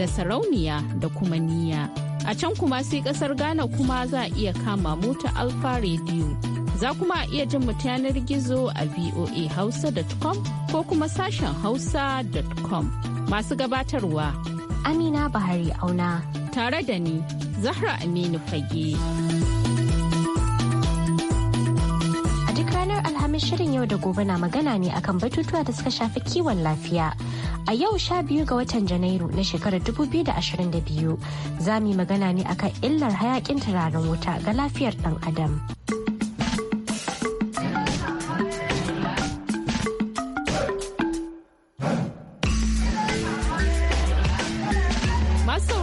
da sarauniya da kuma niyya A can kuma sai kasar Ghana kuma za a iya kama mota Alfa Radio. Za kuma a iya jin mu yanar gizo a VOA Hausa.com ko kuma sashen Hausa.com. Masu gabatarwa. Amina Bahari Auna. Tare da ni, Zahra Aminu Fage. shirin yau da gobe na magana ne akan batutuwa da suka shafi kiwon lafiya. A yau sha biyu ga watan Janairu na shekarar 2022 za mu yi magana ne akan illar hayakin turaren wuta ga lafiyar ɗan adam. Masu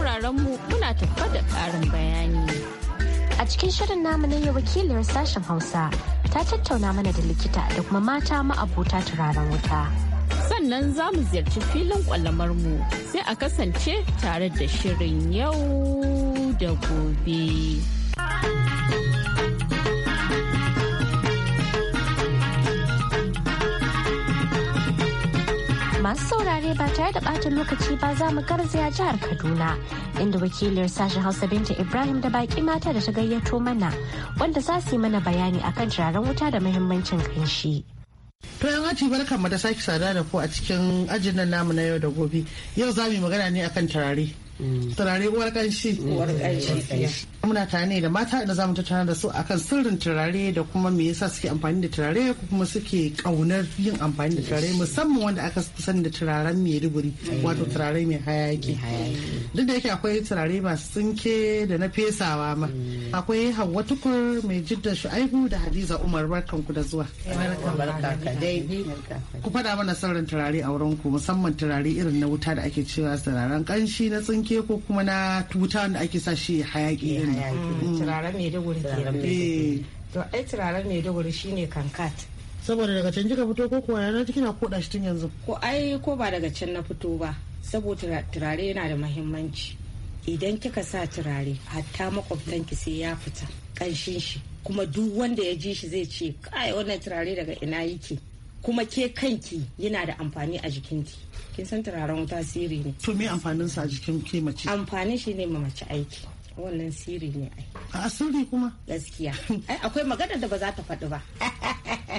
muna da bayani. A cikin shirin namu na yi wakiliyar sashen Hausa ta tattauna mana da likita da kuma mata ma'abota turaren wuta. Sannan za mu ziyarci filin mu sai a kasance tare da shirin yau da gobe. masu saurare ba tare da bata lokaci ba za mu garzaya jihar Kaduna inda wakilin sashen Hausa Binta Ibrahim da baki mata da ta gayyato mana wanda za su yi mana bayani akan turaren wuta da muhimmancin kanshi. To yan aji barkan mu da sake sada da ku a cikin ajin nan namu na yau da gobe. Yau za mu yi magana ne akan turare. Mm. turare uwar kanshi uwar kanshi muna tare ne da mata da zamu tattauna da su akan sirrin turare da kuma me yasa suke amfani da turare ko kuma suke kaunar yin amfani da turare musamman wanda aka sani da turaren mai ruburi wato turare mai hayaki duk da yake akwai turare masu tsinke da na fesawa ma mm. akwai hawa tukur mai jidda shu'aibu da hadiza umar barkanku da zuwa eh, ku faɗa mana sirrin turare a wurin ku musamman turare irin na wuta da ake cewa turaren kanshi na tsinke wanke ko kuma na wuta wanda ake sa shi hayaki eh, mm. turaren maiduguri ke eh. to ai turaren maiduguri shine kankat saboda daga can jika fito ko kuwa yana kina koda shi tun yanzu ko ai ko ba daga can na fito ba saboda turare yana da muhimmanci idan kika sa turare hatta makwabtan ki sai ya fita kanshin shi kuma duk wanda ya ji shi zai ce kai wannan turare daga ina yake kuma ke kanki yana da amfani a jikinki kin san turaren tasiri ne to me amfanin sa a jikin ke mace Amfani shi ne ma mace aiki wannan sirri ne ai a sirri kuma gaskiya ai akwai magana da ba za ta faɗi ba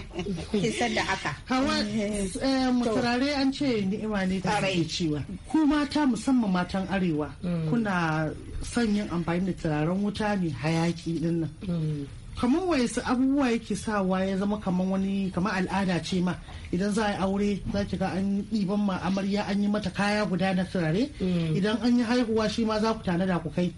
kin san da haka hawa eh, turare an ce ni'ima ne ta rai cewa ku mata musamman matan arewa mm. kuna son yin amfani da turaren wuta ne hayaki din nan mm. kamar wasu abubuwa yake sawa ya zama kamar wani kamar al'ada ce ma idan za a yi aure za ki ga an ɗiban ma amarya an yi mata kaya guda na turare mm. idan an yi haihuwa shi ma za ku tanada ku kai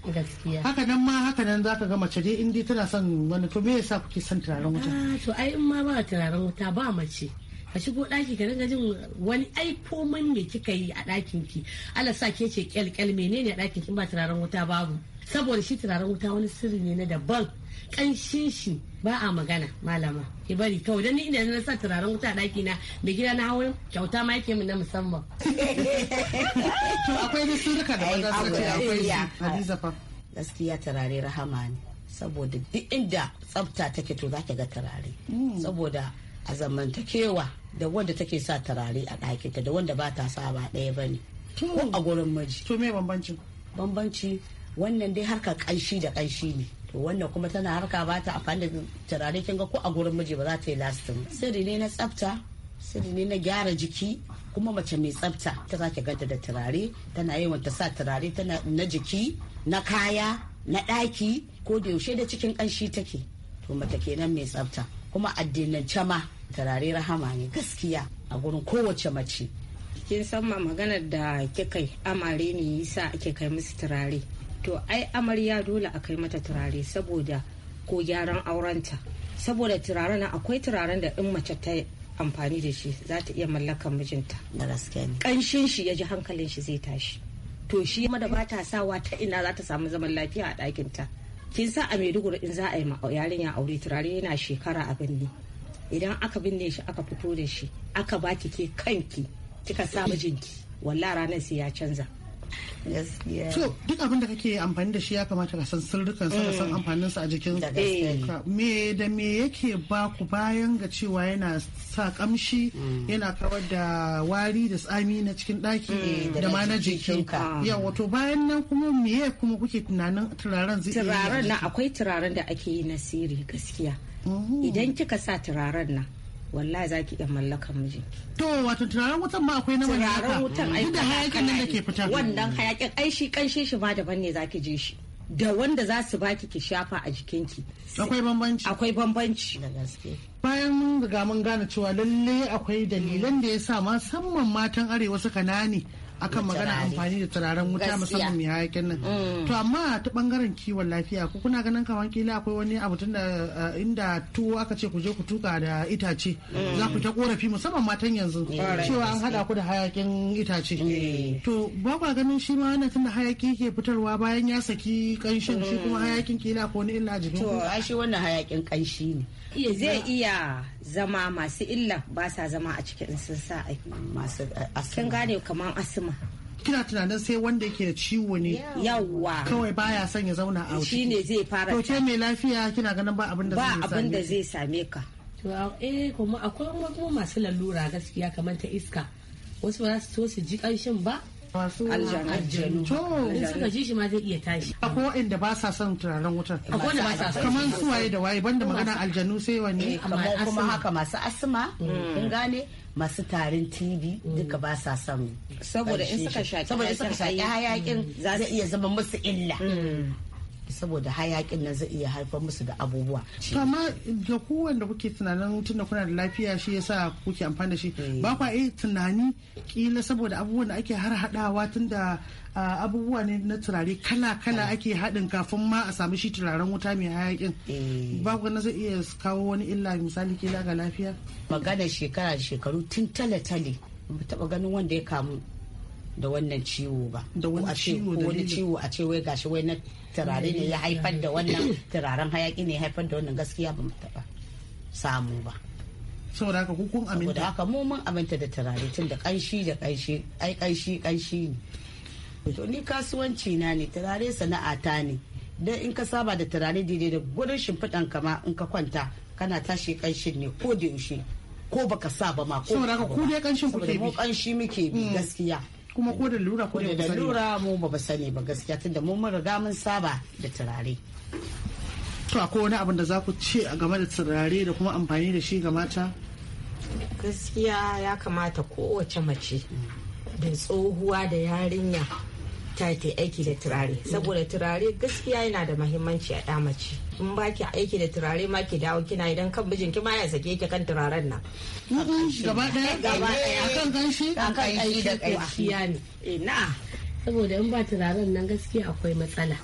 haka nan ma haka nan za ka ga mace dai in tana son wani to me yasa kuke son turaren wuta ah, to ai in ma ba turaren wuta ba mace ka shigo ɗaki ka na jin wani ai komai me kika yi a ɗakin ki Allah sa ke ce kyalkyal menene a ɗakin ki ba turaren wuta babu saboda shi turaren wuta wani sirri ne na daban kanshin shi ba a magana malama ki bari kawai dan ni ina na sa turaren wuta daki na mai gida na hawo kyauta ma yake min na musamman to akwai da su da wanda suka ce akwai Hadiza fa gaskiya turare rahama ne saboda duk inda tsafta take to zaki ga turare mm. saboda a zamantakewa da wanda take sa turare a ɗakinta da wanda ba ta sa ba ɗaya ba ne ko a gurin maji to me bambanci? bambanci wannan dai harka kanshi da kanshi ne to wannan kuma tana harka ba ta amfani da turare kin ga ko a gurin miji ba za ta yi lastin sirri ne na tsafta sirri ne na gyara jiki kuma mace mai tsafta ta za ki ganta da turare tana yawan ta sa turare tana na jiki na kaya na ɗaki ko da yaushe da cikin ƙanshi take to mata kenan mai tsafta kuma addinance ma turare rahama ne gaskiya a gurin kowace mace kin san ma maganar da kika amare ne yasa ake kai musu turare to ai amarya dole a kai mata turare saboda ko gyaran aurenta saboda turaren akwai turaren da in mace ta amfani da shi za ta iya mallakar mijinta kanshin shi ya ji hankalin shi zai tashi to shi da bata sawa ta ina za ta samu zaman lafiya a ɗakinta kin sa a maiduguri in za a yi yarinya aure turare yana shekara a binne idan aka binne shi aka fito da shi aka baki ke kanki kika sa mijinki walla ranar sai ya canza so duk abin da kake amfani da shi ya kamata ka san sirrukan sa ka san mm. amfanin sa a jikin me da me yake ba ku bayan ga cewa yana sa kamshi mm. yana kawar da wari da tsami na cikin daki mm. da ma na jikinka ya wato bayan nan kuma kuma kuke tunanin turaren zai turaren nan akwai turaren da ake yi na sirri gaskiya oh. idan kika sa turaren nan wallahi za ki iya mallakan mijinki. To wato turaren wutan ma akwai na mallaka. Turaren wutan ai da hayakin nan da ke fita. Wannan hayakin ai shi kanshin shi ma daban ne za ki shi. Da wanda za su baki ki shafa a jikinki. Akwai bambanci. Akwai bambanci. Da gaske. Bayan ga mun gane cewa lalle akwai dalilan da ya sa musamman matan arewa suka nane. akan magana amfani da turaren wuta musamman mai hayakin nan mm. to amma ta bangaren kiwon lafiya ko kuna ganin kamar kila akwai wani abu tunda eh, inda tuwo aka ce ku je ku tuka da itace mm. za ku ta korafi musamman matan yanzu mm. cewa an hada ku da hayakin itace to ba kwa ganin shi ma wannan tunda hayaki ke fitarwa bayan ya saki kanshin shi kuma hayakin kila ko wani illa jikin to ai shi wannan hayakin kanshi ne zai iya zama masu illa ba sa zama a cikin sun sa masu eh, kin gane kamar asima kina tunanin sai wanda yake da ciwo ne yawwa kawai baya son ya zauna a shi ne zai fara to ke mai lafiya kina ganin ba abin da zai ba abin da zai same ka to eh kuma akwai kuma masu lalura gaskiya kamar ta iska wasu ba za su so su ji kanshin ba aljanu to suka ji shi ma zai iya tashi akwai wanda ba sa son turaren wutar kamar suwaye da waye banda magana aljanu sai wanne kamar eh, kuma haka masu asma mm. kun gane masu tarin TV mm. duka ba sa son saboda in suka shaki hayakin za iya zama musu illa mm. saboda hayakin nan zai iya haifar musu da abubuwa Kama da ku kuke tunanin tunda kuna da lafiya shi yasa kuke amfani da shi eh. ba kwa iya tunani kila saboda abubuwan da ake har hadawa tun da abubuwa ne na turare kala-kala ake haɗin kafin ma a samu shi turaren wuta mai hayakin eh. ba na zai iya kawo wani illa misali kila ga lafiya magana shekara da shekaru tun tale-tale ba taɓa ganin wanda ya kamu da wannan ciwo ba da wani ciwo a ce wai gashi wai na turare ne ya haifar da wannan turaren hayaki ne ya haifar da wannan gaskiya ba mu taba samu ba saboda haka ku kun aminta saboda haka mu mun aminta da turare tun da kanshi da kanshi ai kanshi kanshi ne to ni kasuwanci na ne turare ta ne dan in ka saba da turare daidai da gurin shimfiɗan ma in ka kwanta kana tashi kanshin ne ko da yaushe ko baka saba ma ko saboda haka ku dai kanshin ke bi mu kanshi muke bi mm. gaskiya kuma ko da lura ko da lura mu ba sani ba gaskiya tunda mun riga mun saba da turare to akwai wani abin da za ku ce a game da turare da kuma amfani da shi ga mata gaskiya ya kamata kowace mace da tsohuwa da yarinya ta ta aiki da turare saboda turare gaskiya yana da mahimmanci a mace in ba ki aiki da turare ma ki dawo kina idan kan bijin ki ma ya sake ki kan turaren nan gaba daya gaba daya akan kanshi akan aiki da kanshi ne eh, na saboda in ba turaren nan gaskiya akwai matsala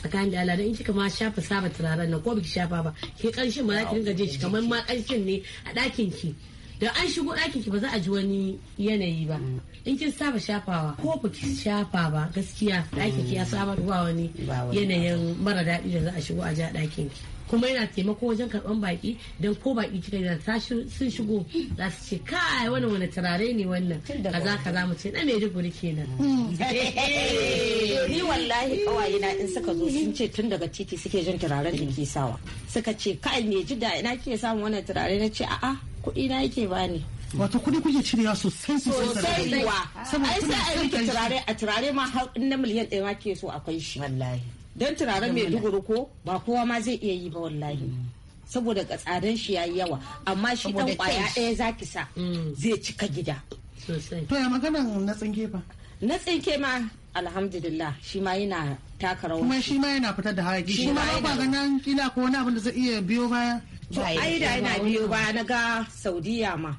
tsakanin da aladan in kika ma shafa saba turaren nan ko biki shafa ba ke kanshin ma za ki dinga jin shi kamar ma kanshin ne a ɗakin ki da an shigo ɗakin ki ba za a ji wani yanayi ba mm. in kin saba shafawa ko ba ki shafa ba gaskiya ɗakin ki ya mm. saba ba wani yanayin mara daɗi da za a shigo a ja ɗakin ki kuma yana taimako wajen karban baki don ko baki kika da ta sun shigo za su ce kai wani wani turare ne wannan kaza kaza mu ce na kenan mm. ni wallahi kawaye na in suka zo sun ce tun daga titi suke jin turaren da ke sawa suka ce kai me ji da ina ke samun wannan turare na ce a'a kuɗi na yake bani wato kuɗi kuke cirewa sosai sosai sosai wa ai sai a rike turare a turare ma har na miliyan ɗaya ma ke so akwai shi wallahi Don turare mai duguru ko ba kowa ma zai iya yi ba wallahi mm. saboda ga tsadan shi yi yawa amma shi ɗan ƙwaya ɗaya ki sa mm. zai cika gida to ya magana na tsinke ba na tsinke ma alhamdulillah shi ma yana taka rawa kuma shi ma yana fitar da hayaki shi ma ba ganin kila ko wani abin da zai iya biyo baya ai da yana biyo ba na ga saudiya ma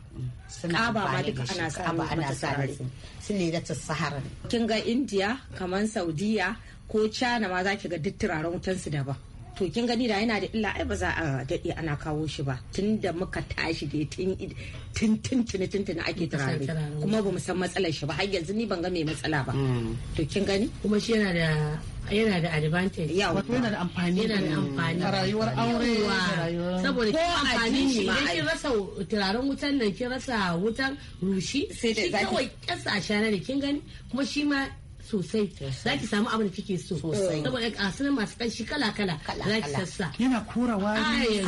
kaba ma duka ana samu ana samu su ne da sahara kin ga indiya kamar saudiya ko cana ma za ki ga duk turaren wutansu daban to kin gani da yana da illa ai ba za a daɗe ana kawo shi ba tun da muka tashi da tun tun tun tun ake turare kuma ba mu san matsalar shi ba har yanzu ni ban ga mai matsala ba mm. to kin gani kuma shi yana da yana da advantage ya wato yana da amfani yana da amfani a rayuwar aure saboda ko amfani ne ma kin rasa turaren wutan nan kin rasa wutan rushi sai da kawai kasa shana da kin gani kuma shi ma sosai za ki samu abin da kike so saboda kasunan masu ƙanshi kala kala za ki sassa yana kura wari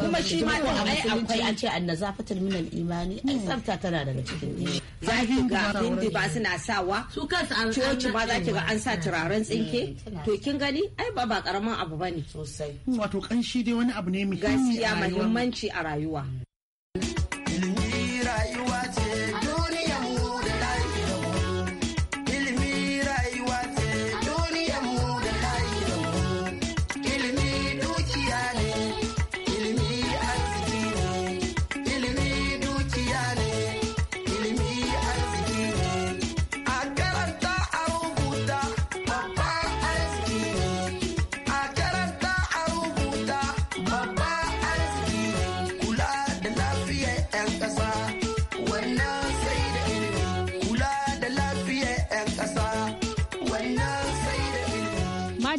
kuma shi ma ai akwai an ce an nazafatar minal imani ai hmm. tsafta tana daga cikin hmm. za ki ga hindi ba suna sawa su kansu an coci ba za ki ga an sa hmm. turaren tsinke to kin gani ai ba ba karaman abu bane sosai wato ƙanshi dai wani abu ne mai gaskiya muhimmanci a rayuwa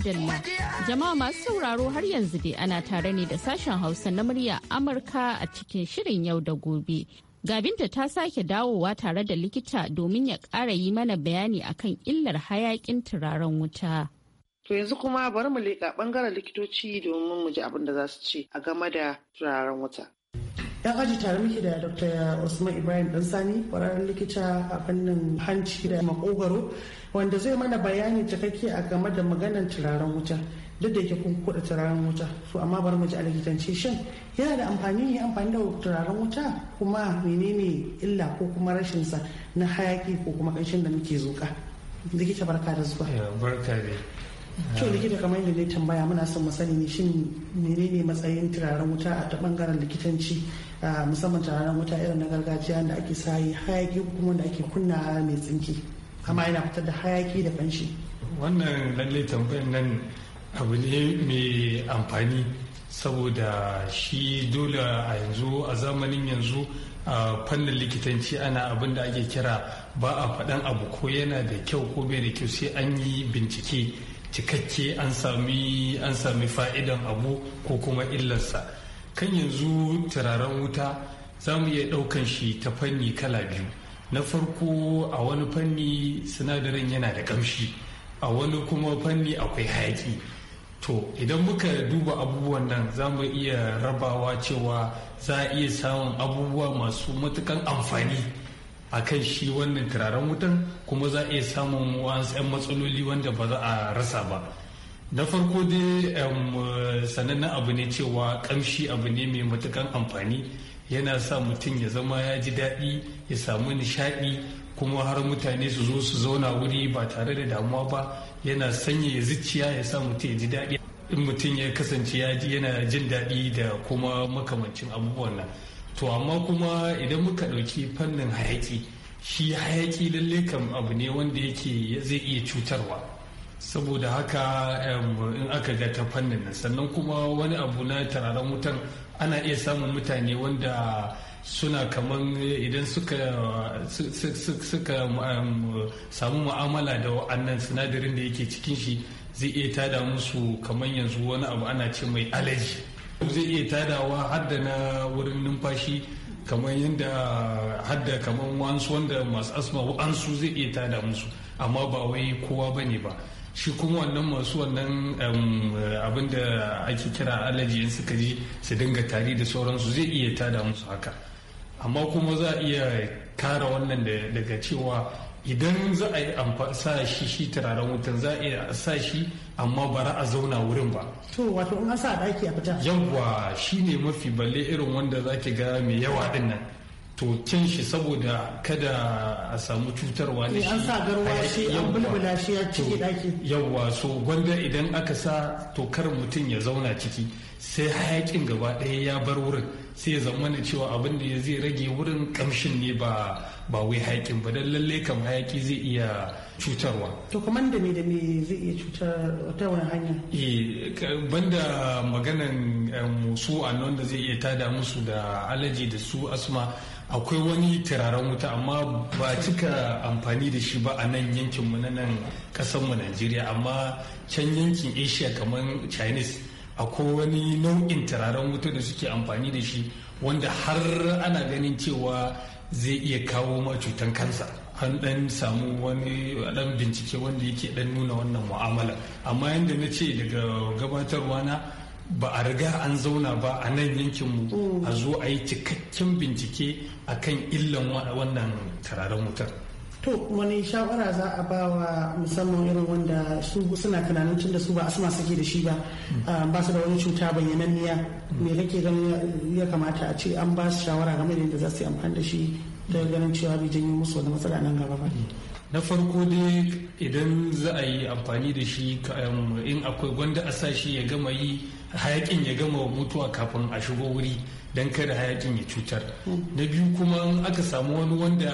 Madalla. Jama'a masu sauraro har yanzu dai ana tare ne da sashen Hausa na murya Amurka a cikin shirin yau da gobe. Gabinta ta sake dawowa tare da likita domin ya ƙara yi mana bayani akan illar hayaƙin turaren wuta. To yanzu kuma bari mu leƙa ɓangaren likitoci domin mu ji abin da za su ce a game da turaren wuta. yan aji tare muke da dr usman ibrahim sani kwararren likita a fannin hanci da makogaro wanda zai mana bayani cikakke a game da maganar turaren wuta duk da yake kun kuɗa turaren wuta su amma bari mu ji a likitance shin yana da amfani ne amfani da turaren wuta kuma menene illa ko kuma rashin sa na hayaki ko kuma ƙanshin da muke zuƙa likita barka da zuwa barka ne. to likita kamar yadda ne tambaya muna son mu sani ne shin menene matsayin turaren wuta a ta bangaren likitanci musamman turaren wuta irin na gargajiya da ake sayi hayaki kuma da ake kunna mai tsinki kama yana fitar da hayaki da fanshi. wannan lalle tambayan nan abu ne mai amfani saboda shi dole a yanzu a zamanin yanzu a fannin likitanci ana abin da ake kira ba a faɗan abu ko yana da kyau ko bai da kyau sai an yi bincike cikakke an sami an sami fa'idan abu ko kuma illarsa kan yanzu turaren wuta za mu iya ɗaukan shi ta fanni kala biyu na farko a wani fanni sinadarin yana da kamshi a wani kuma fanni akwai hayaki to idan muka duba abubuwan nan za mu iya rabawa cewa za a iya samun abubuwa masu matukan amfani a kan shi wannan turaren wutan kuma za a iya samun wasu 'yan matsaloli wanda ba za a rasa ba na farko dai sanannen abu ne cewa kamshi abu ne mai matukan amfani yana sa mutum ya zama ya ji daɗi ya samu nishaɗi kuma har mutane su zo su zauna wuri ba tare da damuwa ba yana sanya ya zuciya ya sa mutum ya ji daɗi in mutum ya kasance ya yana jin daɗi da kuma makamancin abubuwan nan to amma kuma idan muka ɗauki fannin hayaƙi shi hayaƙi lalle kam abu ne wanda yake zai iya cutarwa saboda haka in aka ga ta fannin nan sannan kuma wani abu na tararen wutan ana iya samun mutane wanda suna kaman idan suka um, samu mu'amala da wa'annan sinadarin da yake cikin shi zai iya tada musu kamar yanzu wani abu ana ce mai alaji zai iya tadawa har da na wurin numfashi kamar yadda hadda kamar wansu wanda masu asma wa'ansu zai iya tada musu amma ba wai kowa bane ba shi kuma wannan masu wannan abin da ake kira alaji in suka ji su dinga tari da sauransu zai iya tada musu haka amma kuma za a iya kara wannan daga cewa idan za a yi sa shi shi turaren wutan za a iya sa shi amma bara a zauna wurin ba to wato in a sa daki a fita yawwa shine mafi balle irin wanda zaki ga mai yawa din can shi saboda kada a samu cutarwa ne an sa garwa shi an bulbula shi ya ciki daki yawwa so gwanda idan aka sa to kar mutum ya zauna ciki sai hayakin gaba ɗaya ya bar wurin sai ya zama na cewa abin da zai rage wurin kamshin ne ba ba wai hayakin ba dan lalle kam hayaki zai iya cutarwa to kamar da me da me zai iya cutar wata wani hanya eh banda maganan eh, a annon da zai iya tada musu da alaji da su asma akwai wani turaren wuta amma ba cika amfani da shi ba a nan yankin mu na nan kasar mu Najeriya amma can yankin Asia kamar Chinese akwai wani nau'in turaren wuta da suke amfani da shi wanda har ana ganin cewa zai iya kawo ma cutan kansa an dan samu wani dan bincike wanda yake dan nuna wannan mu'amala amma yanda na ce daga gabatarwa na ba a riga an zauna ba a nan yankinmu mm. a zo a yi cikakken bincike a kan illan wannan tararen wutar. To wani shawara za a ba wa musamman irin wanda su suna tunanin tunda su ba a suma suke da shi ba mm. ah, ba su da wani cuta bayyananniya me mm. kake ganin ya kamata a ce an ba su shawara game da yadda za su yi amfani da shi da ganin cewa bai janyo musu wani matsala nan gaba ba. na farko dai idan za a yi amfani da shi um, in akwai gwanda a sa shi ya gama yi hayakin ya gama mutuwa kafin a shigo wuri don kada hayakin ya cutar na biyu kuma aka samu wani wanda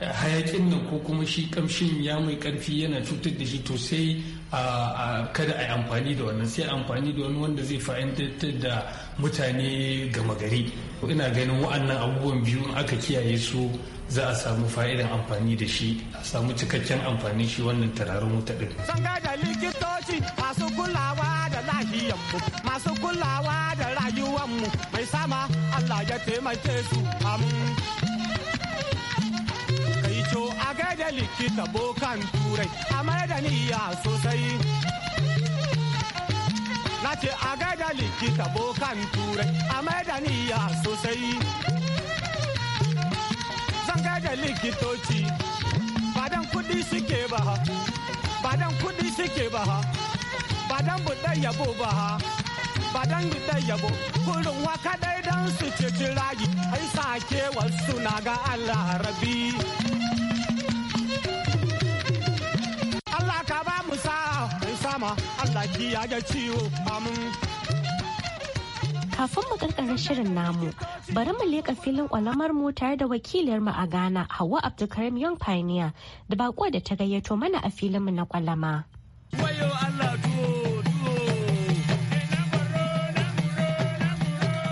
eh, hayakin nan ko kuma shi kamshin ya mai karfi yana cutar da shi to sai kada a yi amfani da wannan sai amfani da wani wanda zai fahimtar da mutane gama gari ina ganin wa'annan abubuwan biyu aka kiyaye su za a samu fa'idan amfani da shi a samu cikakken amfani shi wannan tararen wuta din. Zan da likitoci masu kulawa da lahiyanmu masu kulawa da rayuwanmu mai sama Allah ya taimake su am. Kai co a gaida likita bokan turai a mai da niyya sosai. Na ce a gaida likita bokan turai a mai da niyya sosai. ganga da likitoci badan kudi suke ba ha badan kudi suke ba ha badan budan yabo ba ha badan budan yabo kurin waka dai dan su ceci rayi ai sake wasu na ga Allah rabi Allah ka ba mu sa sama Allah ki ya ga ciwo amin kafin mu karkara shirin namu bari mu leƙa filin kwalamar mu tare da wakiliyar mu a Ghana Hauwa Abdulkarim Young Pioneer da bako da ta gayyato mana a filin mu na kwalama.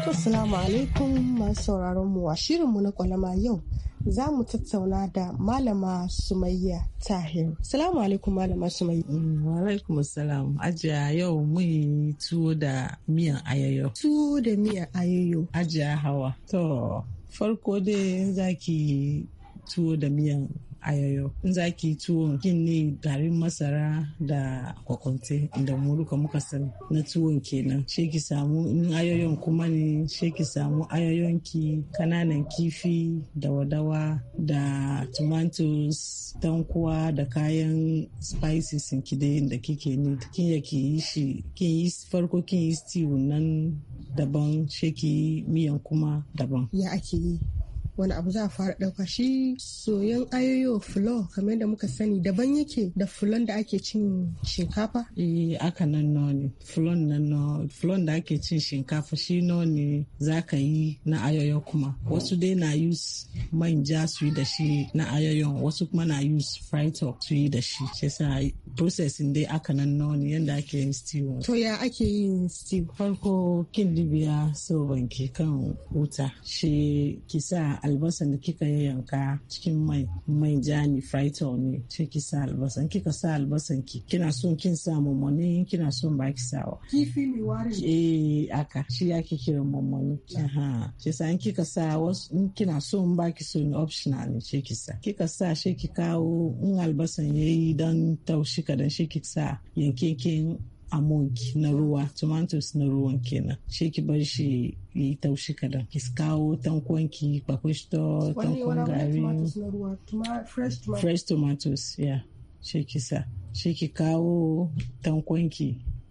Assalamu alaikum masu sauraron mu a shirin mu na kwalama yau za mu tattauna da Malama Sumayya Tahir. Salamu alaikum Malama Sumayya. Wa alaikum salam. Ajiya yau mun tuwo da miyan ayoyo. Tuwo da miyan ayoyo. Ajiya hawa. To, farko dai zaki tuwo da miyan ayoyo in za ki tuwo kin ne garin masara da kwakwante da muruka muka sani na tuwon kenan she ki samu ayoyon kuma ne she ki samu ayoyon ki kananan kifi da wadawa da tomatoes tankuwa da kayan spices ki da kike ne kin ya ki yi shi kin yi farko kin yi stew nan daban she ki miyan kuma daban ya ake yi wani abu za a fara ɗauka shi soyan ayoyo fulo kamar yadda muka sani daban yake da fulon da ake cin shinkafa eh aka nan noni fulon nan no fulon da ake cin shinkafa shi noni za ka yi na ayoyo kuma wasu dai na use manja su yi da shi na ayoyo wasu kuma na use fried talk su yi da shi shi processing dai aka nan noni yadda ake yin stew to ya ake yin stew farko kin dibiya soban ki kan wuta shi ki sa albasan da kika yanka cikin mai mai ja ne fritol ne ce ki sa albasan kika sa albasan ki kina son kin sa mamoni kina son ba ki sawa kifi ne wari eh aka shi ake kira mamoni aha shi sa kika sa wasu in kina son ba ki son optional ne ce ki sa kika sa shi ki kawo in albasan yayi dan taushi kadan shi ki sa yankekin amonki na ruwa tomatoes na ruwan kenan shi ki bar shi yi taushi kadan ki kawo tankwanki ki bakwai shi tankon gari fresh tomatoes ya shi ki sa shi ki kawo tankwanki ki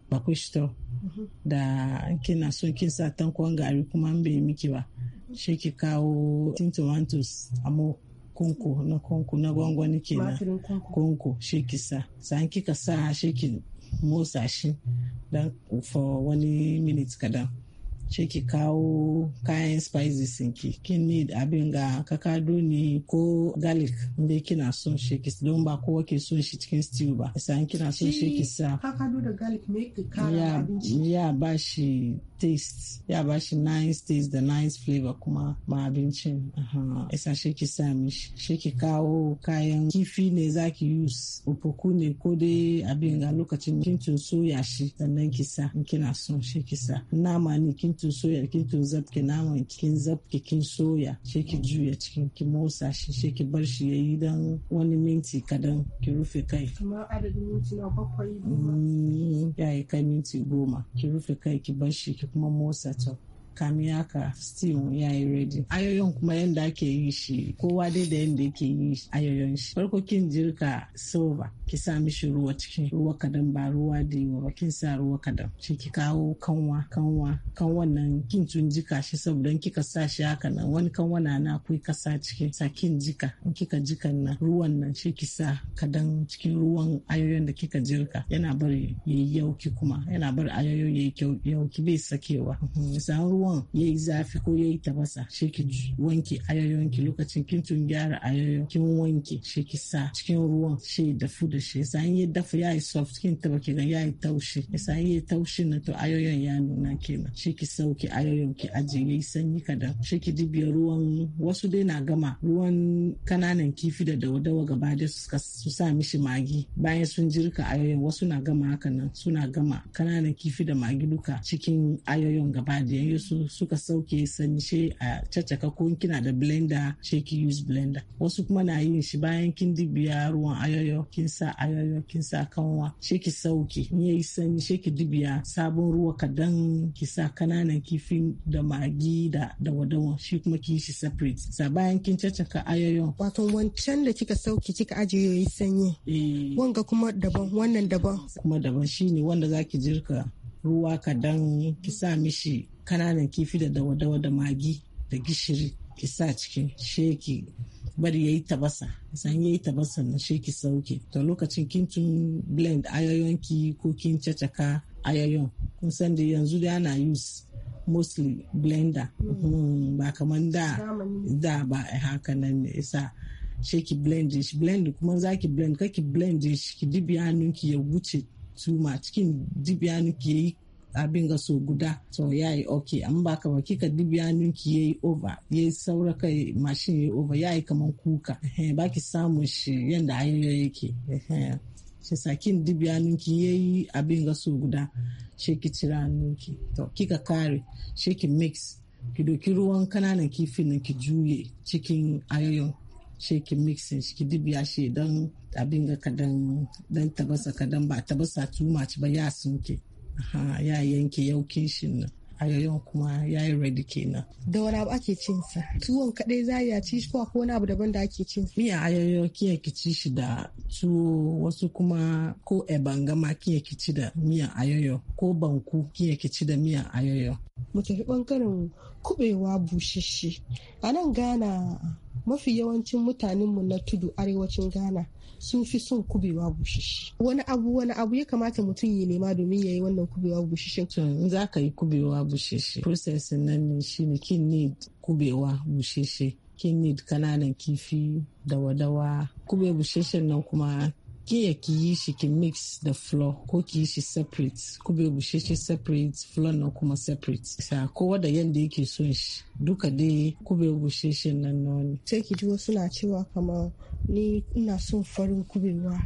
bakwai shi mm-hmm. da kina son kin sa tankwan gari kuma bai miki ba mm-hmm. shi ki kawo tin tomatoes amo kunku na kunku na gwangwani kenan kunku shi kisa san kika sa shi ki motsa shi dan for wani minute kadan ce ki kawo kayan spices ki kin abin ga kakado ne ko garlic inda kina son shi ki don ba kowa ke son shi cikin stew ba sai kina son shi ki sa kakado da garlic ne ki kara abinci ya ba shi taste ya ba shi nice taste da nice flavor kuma ma abincin isa shi ki sa mishi shi ki kawo kayan kifi ne za ki use opoku ne ko dai abin ga lokacin kin soya shi sannan ki sa kina son shi ki sa nama ne kin Kin soya kin kin zabke naman kin zabke kin soya shi ki juya cikin ki motsa shi shi ki bar shi yayi dan wani minti kadan ki rufe kai kamar adadin minti na bakwai mm, ya yi kai minti goma ki rufe kai ki bar shi ki kuma motsa ta kami haka stew ya yi ready ayoyon kuma yadda ake yi shi kowa dai da yadda yake yi ayoyon shi farko kin jirka silva ki sa mishi ruwa cikin ruwa kadan ba ruwa da yi ba kin sa ruwa kadan shi ki kawo kanwa kanwa kanwan nan kin tun jika shi saboda kika sa shi haka nan wani kanwa na na ka kasa cikin sa kin jika in kika jika nan ruwan nan shi ki sa kadan cikin ruwan ayoyin da kika jirka yana bari yayi yauki kuma yana bari ayoyon yayi yauki bai sakewa samu ruwa ruwan ya yi zafi ko ya yi tabasa shi ki wanke ayoyon ki lokacin kin tun gyara ayoyon kin wanke shi ki sa cikin ruwan shi dafu da shi yasa in ya dafu ya yi soft kin taba ki ga ya yi taushi yasa in ya taushi na to ayoyon ya nuna kenan shi ki sauke ayoyon ki aje ya yi sanyi kadan shi ki dibiya ruwan wasu dai na gama ruwan kananan kifi da dawa-dawa gaba da su sa mishi magi bayan sun jirka ayoyon wasu na gama haka nan suna gama kananan kifi da magi duka cikin ayoyon gaba da yanzu suka sauke sani shi a caccaka ko kina da blender she ki use blender wasu kuma na yin shi bayan kin dibiya ruwan ayoyo kin sa ayoyo kin sa kanwa she ki sauke ni yayi sanyi she ki dibiya sabon ruwa kadan ki sa kananan kifin da magi da wadawa shi kuma ki shi separate sa bayan kin caccaka ayoyo wato wancan da kika sauke kika ajiye yayi sanyi eh. wanga kuma daban wannan daban kuma daban shine wanda zaki jirka ruwa kadan ki sa mishi kananan kifi da dawa-dawa da magi da gishiri ki sa cikin sheki bari ya yi tabasa san yi tabasa na sheki sauke to lokacin kin tun blend ayoyon ki ko kin cacaka ayoyon kun san da yanzu da ana use mostly blender hmm, ba kamar da da ba haka nan ne isa sheki blend shi blend kuma zaki blend ki blend shi ki dibi ya wuce tuma cikin dibi ya yi. abin ga so guda to ya yi ok amma ba ka ba kika dibi hannunki ya yi over ya yi sauraka mashin ya yi over ya yi kamar kuka ba ki samun shi yadda hanyoyi yake shi sakin dibi hannunki ya yi abin ga so guda shi ki cira hannunki to kika kare shi ki mix ki doki ruwan kananan kifin nan ki juye cikin ayoyin shi ki mixin shi ki dibiya shi don abin ga kadan dan tabasa kadan ba tabasa tumaci ba ya sunke ya yanke yau kishin nan kuma ya yi ready kenan. Da wani abu ake cin sa? Tuwon kaɗai za a ci shi ko wani abu daban da ake cin? Miya ayoyo kiya ki shi da tuwo wasu kuma ko ebangama kiya ki da miya ayoyo ko banku kiya ki ci da miya ayoyo. Mu tafi ɓangaren kuɓewa bushashe. A nan Ghana mafi yawancin mutanenmu na tudu arewacin ghana sun fi son kubewa bushishi wani abu wani abu ya kamata mutum ya nema domin ya yi wannan kubewa bushishin in za ka yi kubewa bushishi processing nan shi ne kin need kubewa bushishi kin need kananan kifi dawa-dawa kube busheshen nan kuma ke ya ki yi shi ki mix da flour ko ki yi shi separate kube bushe shi separate flour na kuma separate sa kowa da yanda yake son shi duka dai kube bushe shi nan na wani sai ki ji wasu na cewa kamar ni ina son farin kubewa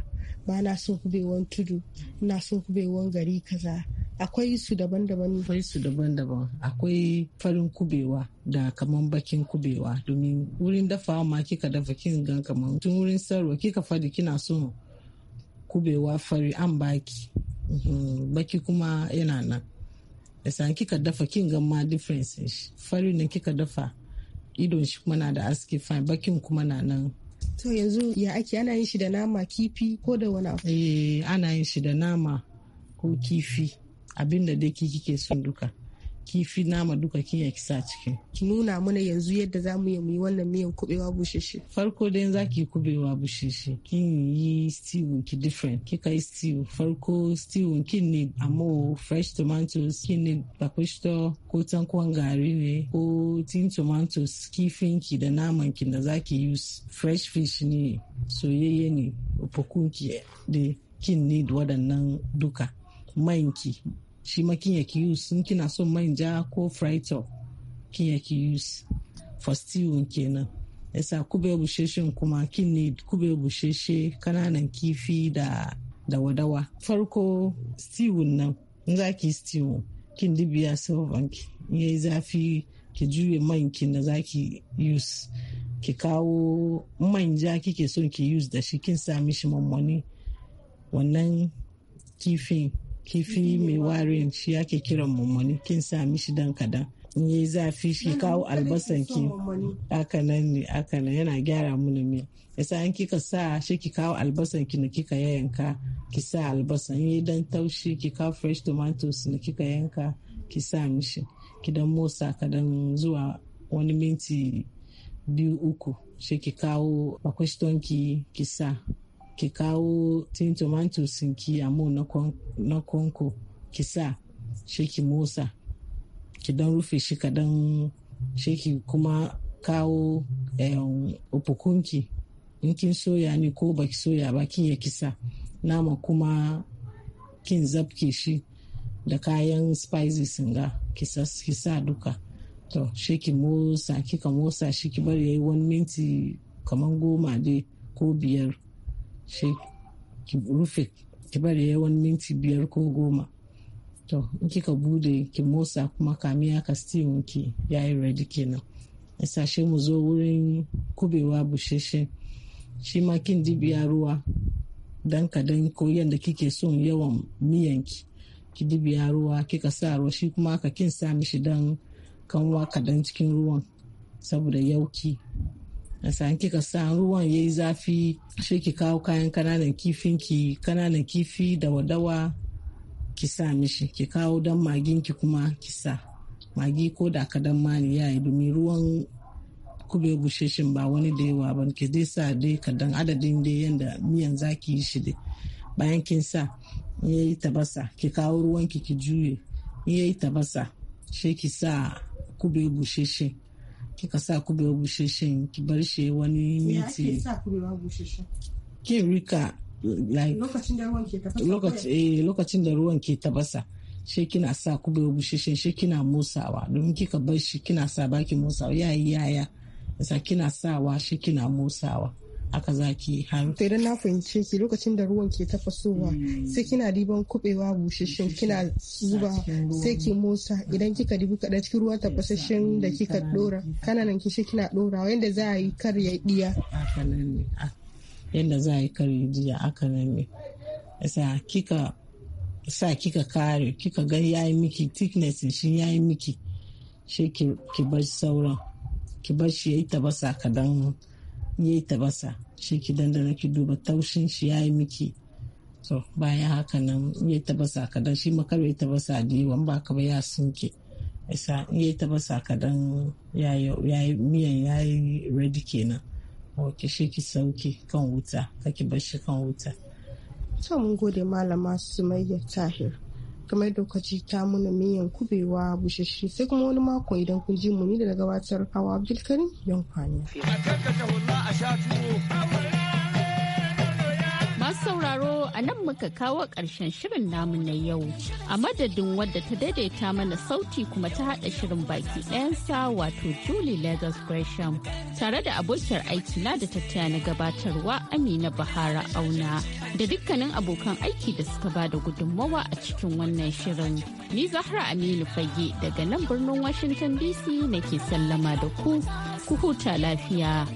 ba na son kubewan tudu ina son kubewan gari kaza akwai su daban-daban akwai su daban-daban akwai farin kubewa da kaman bakin kubewa domin wurin dafa ma kika dafa kin gan kaman tun wurin sarwa kika fadi kina so kubewa fari an baki mhm, baki kuma yana nan da kika dafa kin ga ma difference shi fari ne kika dafa idon shi kuma na da aski fine bakin kuma na nan to yanzu ya ake ana yin shi da nama kifi ko da wani abu eh ana yin shi da nama ko kifi abinda dai kike son duka kifi nama duka kin ya kisa ciki. Ki nuna mana yanzu yadda za mu yi wannan miyan kubewa busheshe. Farko dai za ki kubewa busheshe. Kin yi stew ki different. Kika yi stew. Farko stew kin ne amo fresh tomatoes kin ne bakwisto ko tankon gari ne ko tin tomatoes kifin ki da naman ki da za ki use. Fresh fish ne soyayye ne opokun ki kin need waɗannan duka. Manki shi ma kin use in kina son manja ko frito kin ki use for stewing kenan yasa kube busheshen kuma kin ne kube busheshe kananan kifi da dawa-dawa farko stiwu nan in za ki stew kin dibiya silvan ki ya yi zafi ki juye man kin da za ki use ki kawo manja kike son ki use da shi kin sami shi mammani wannan kifin kifi mai warin shi ake kiran mummuni kin sa mishi dan kadan in yi zafi shi kawo albasan ki haka nan ne nan yana gyara mini me yasa an kika sa shi ki kawo albasan ki na kika yanka ki sa albasan yi dan taushi ki kawo fresh tomatoes na kika yanka ki sa mishi ki dan motsa kadan zuwa wani minti biyu uku shi ki kawo a ki ki sa ki kawo tin tomato a amo na konko ki sa shi ki motsa ki dan rufe shi kadan shi ki kuma kawo ofukunki in kin soya ne ko baki soya ba kin ya kisa nama kuma kin zabke shi da kayan spices ga kisa duka to shi ki motsa kika motsa shi ki bari yayi wani minti kamar goma dai ko biyar sai ki rufe ki bari ya wani minti biyar ko goma to in kika bude ki motsa kuma ya ka steam ki yi ready kenan sashe mu zo wurin kubewa bushe shi ma kin dibiya ruwa dan dan ko yadda kike son yawan miyan ki dibiya ruwa kika sa ruwa shi kuma ka kin sa mishi dan kanwa kadan cikin ruwan saboda yauki san kika sa ruwan yayi zafi sai ki kawo kayan kananan kifin ki kananan kifi da wadawa ki sa mishi ki kawo dan magin ki kuma ki sa magi ko da kadan dan mani yayi domin ruwan kube busheshin ba wani da yawa ba ki dai sa dai kadan adadin dai yanda miyan zaki yi shi dai bayan kin sa yayi tabasa ki kawo ruwan ki ki juye yayi tabasa sai ki sa kube busheshin kika sa kubewa busheshen ki bar shi wani minti ya sa kubewa busheshen ki rika lokacin da ruwan ke tafasa eh, lokacin da ruwan ke tafasa shi kina sa kubewa busheshen shi kina musawa domin kika bar shi kina sa baki musawa yayi yaya yasa kina sawa shi kina musawa aka zaki har. To idan na fahimce ki lokacin da ruwan ke tafasowa hmm. sai kina diban kubewa busasshen kina zuba sai ki motsa idan kika dibi kada cikin ruwan tafasasshen da kika dora kana nan kishi kina dora yadda za a yi kar ya diya. yadda za a yi kar ya diya aka nan ne. Yasa kika sa kika kare kika ga yayi miki thickness shi yayi miki shi ki bar sauran ki bar shi yayi tabasa kadan yi tabasa shi ki dandana ki duba taushin shi ya yi miki to bayan haka nan yi tabasa kadan shi makar yayi tabasa da yawan ba ka ba ya sunke isa yi tabasa kadan yi miyan yi ready kenan ki shi ki sauke kan wuta kaki bar shi kan wuta to mun gode malama sumayya tahir kamar da kuka ji ta muna miyan kubewa bushashe sai kuma wani mako idan kun ji muni da gabatar hawa abdulkarim yan Masu sauraro a nan muka kawo ƙarshen shirin namu na yau a madadin wadda ta daidaita mana sauti kuma ta haɗa shirin baki ɗayansa wato Julie Lagos Gresham tare da abokiyar aiki na da tattaya na gabatarwa Amina Bahara Auna. da dukkanin abokan aiki da suka ba da gudunmawa a cikin wannan shirin. Ni Zahra Aminu Fage daga nan birnin Washington DC nake sallama da ku, ku huta lafiya.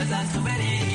Amurka bare.